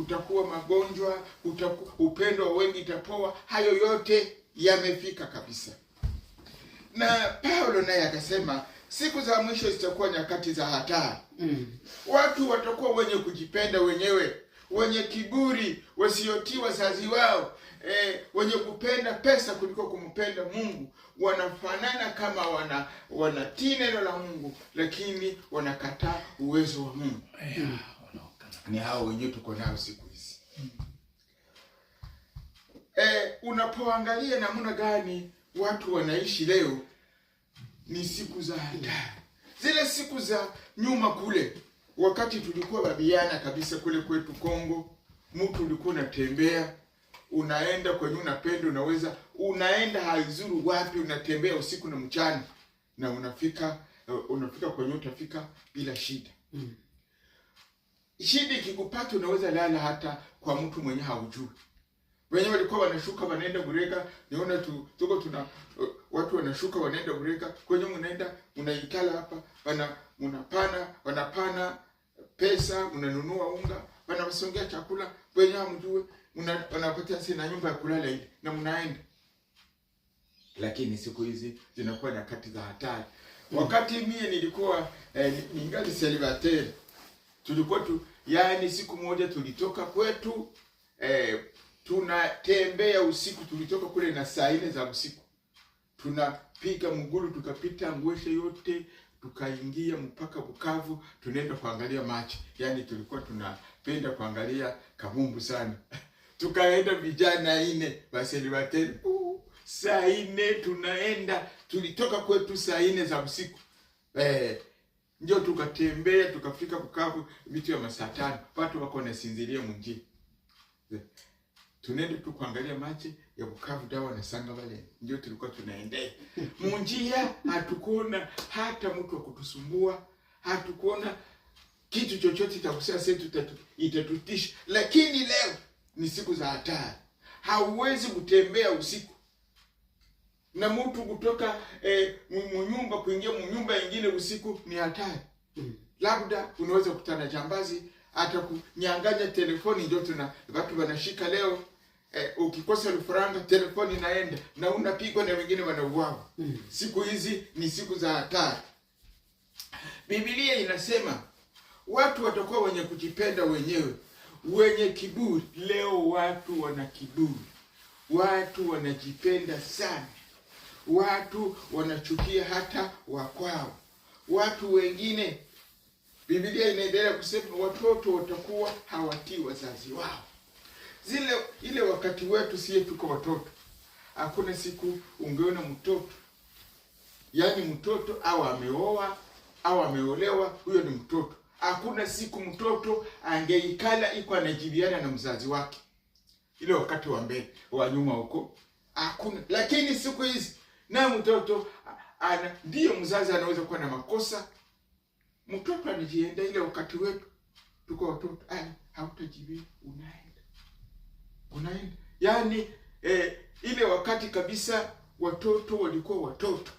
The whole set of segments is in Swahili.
kutakuwa magonjwa, kutaku, upendo wa wengi itapoa. Hayo yote yamefika kabisa. Na Paulo naye akasema siku za mwisho zitakuwa nyakati za hatari. Mm. Watu watakuwa wenye kujipenda wenyewe, wenye kiburi, wasiotii wazazi wao, e, wenye kupenda pesa kuliko kumpenda Mungu. Wanafanana kama wana wanatii neno la Mungu, lakini wanakataa uwezo wa Mungu. Yeah. Mm ni hao wenyewe tuko nao siku hizi mm. E, unapoangalia namna gani watu wanaishi leo, ni siku za hatari. Zile siku za nyuma kule, wakati tulikuwa babiana kabisa kule kwetu Kongo, mtu ulikuwa unatembea unaenda kwenye unapenda, unaweza unaenda haizuru wapi, unatembea usiku na mchana na unafika eh, unafika kwenye utafika bila shida mm. Shida ikikupata unaweza lala hata kwa mtu mwenye haujui. Wenyewe walikuwa wanashuka wanaenda gureka niona tu tuko tuna uh, watu wanashuka wanaenda Bureka, kwenye mnaenda mnaikala hapa, wana mnapana, wanapana pesa, mnanunua unga, wanawasongea chakula, wenye hamjue, wanapatia na nyumba ya kulala ile na mnaenda. Lakini siku hizi zinakuwa nyakati za hatari. Wakati mie nilikuwa eh, ningali celibatere tulikuwa tu, yani siku moja tulitoka kwetu eh, tunatembea usiku, tulitoka kule na saa nne za usiku, tunapiga mguru, tukapita Ngweshe yote tukaingia mpaka Bukavu, tunaenda kuangalia machi. Yani tulikuwa tunapenda kuangalia kabumbu sana tukaenda vijana ine baselibateri saa ine tunaenda, tulitoka kwetu saa ine za usiku eh, njo tukatembea tukafika Bukavu vitu ya masaa tano, watu wako wanasinzilia mwinjini. Tunaenda tu kuangalia machi ya kukavu dawa na sanga vale ndio tulikuwa tunaendea munjia. Hatukuona hata mtu wa kutusumbua, hatukuona kitu chochote cha setu itatutisha. Lakini leo ni siku za hatari, hauwezi kutembea usiku na mtu kutoka eh, mnyumba kuingia mnyumba ingine usiku ni hatari. Mm. Labda unaweza kutana jambazi atakunyang'anya telefoni njoto, na watu wanashika leo eh, ukikosa lufuranga telefoni inaenda na unapigwa na wengine wanauawa. Mm. Siku hizi ni siku za hatari. Biblia inasema watu watakuwa wenye kujipenda wenyewe, wenye kiburi. Leo watu wana kiburi, watu wanajipenda sana watu wanachukia hata wakwao. Watu wengine, bibilia inaendelea kusema watoto watakuwa hawatii wazazi wao. Zile ile wakati wetu sie tuko watoto, hakuna siku ungeona mtoto yaani mtoto au ameoa au ameolewa, huyo ni mtoto. Hakuna siku mtoto angeikala iko anajiliana na mzazi wake ile wakati wa mbele wa nyuma huko hakuna, lakini siku hizi na mtoto ana ndiyo mzazi anaweza kuwa na makosa, mtoto anajienda. Ile wakati wetu tuko watoto, hautajibi unaenda unaenda, yaani eh, ile wakati kabisa watoto walikuwa watoto,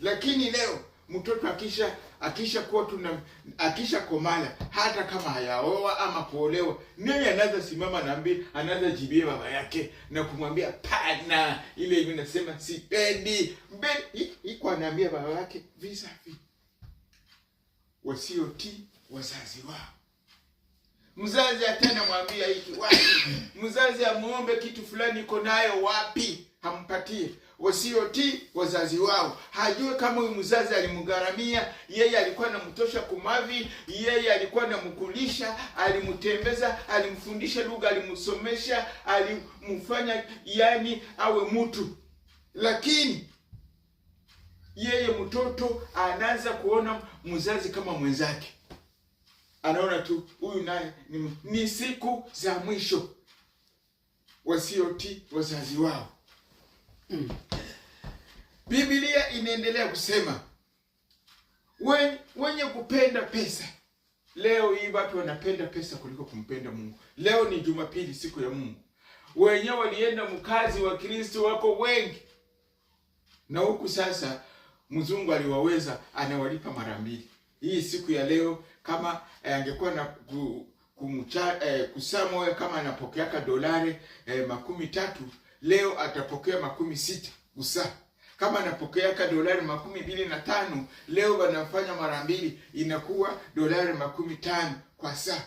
lakini leo mtoto akisha akisha kuwa tuna akisha komala, hata kama hayaoa ama kuolewa, nani anaweza simama nambi anaza anaweza jibia baba yake na kumwambia pana ile hivi, nasema sipendi mbe iko, anaambia baba yake visafi wasioti wazazi wao, mzazi atana mwambia hiki wapi, mzazi amuombe kitu fulani iko nayo wapi, hampatie wasiotii wazazi wao. Hajui kama huyu mzazi alimgharamia yeye, alikuwa anamtosha kumavi, yeye alikuwa anamkulisha, alimtembeza, alimfundisha lugha, alimsomesha, alimfanya yani awe mtu, lakini yeye mtoto anaanza kuona mzazi kama mwenzake, anaona tu huyu naye ni, ni siku za mwisho wasioti wazazi wao mm. Biblia inaendelea kusema wenye, wenye kupenda pesa. Leo hii watu wanapenda pesa kuliko kumpenda Mungu. Leo ni Jumapili, siku ya Mungu. Wenyewe walienda mkazi wa Kristo wako wengi, na huku sasa mzungu aliwaweza, anawalipa mara mbili. Hii siku ya leo kama eh, angekuwa na kumcha, eh, kusamoe kama anapokeaka dolari eh, makumi tatu leo atapokea makumi sita kusaa kama anapokeaka dolari makumi mbili na tano leo wanafanya mara mbili, inakuwa dolari makumi tano kwa saa.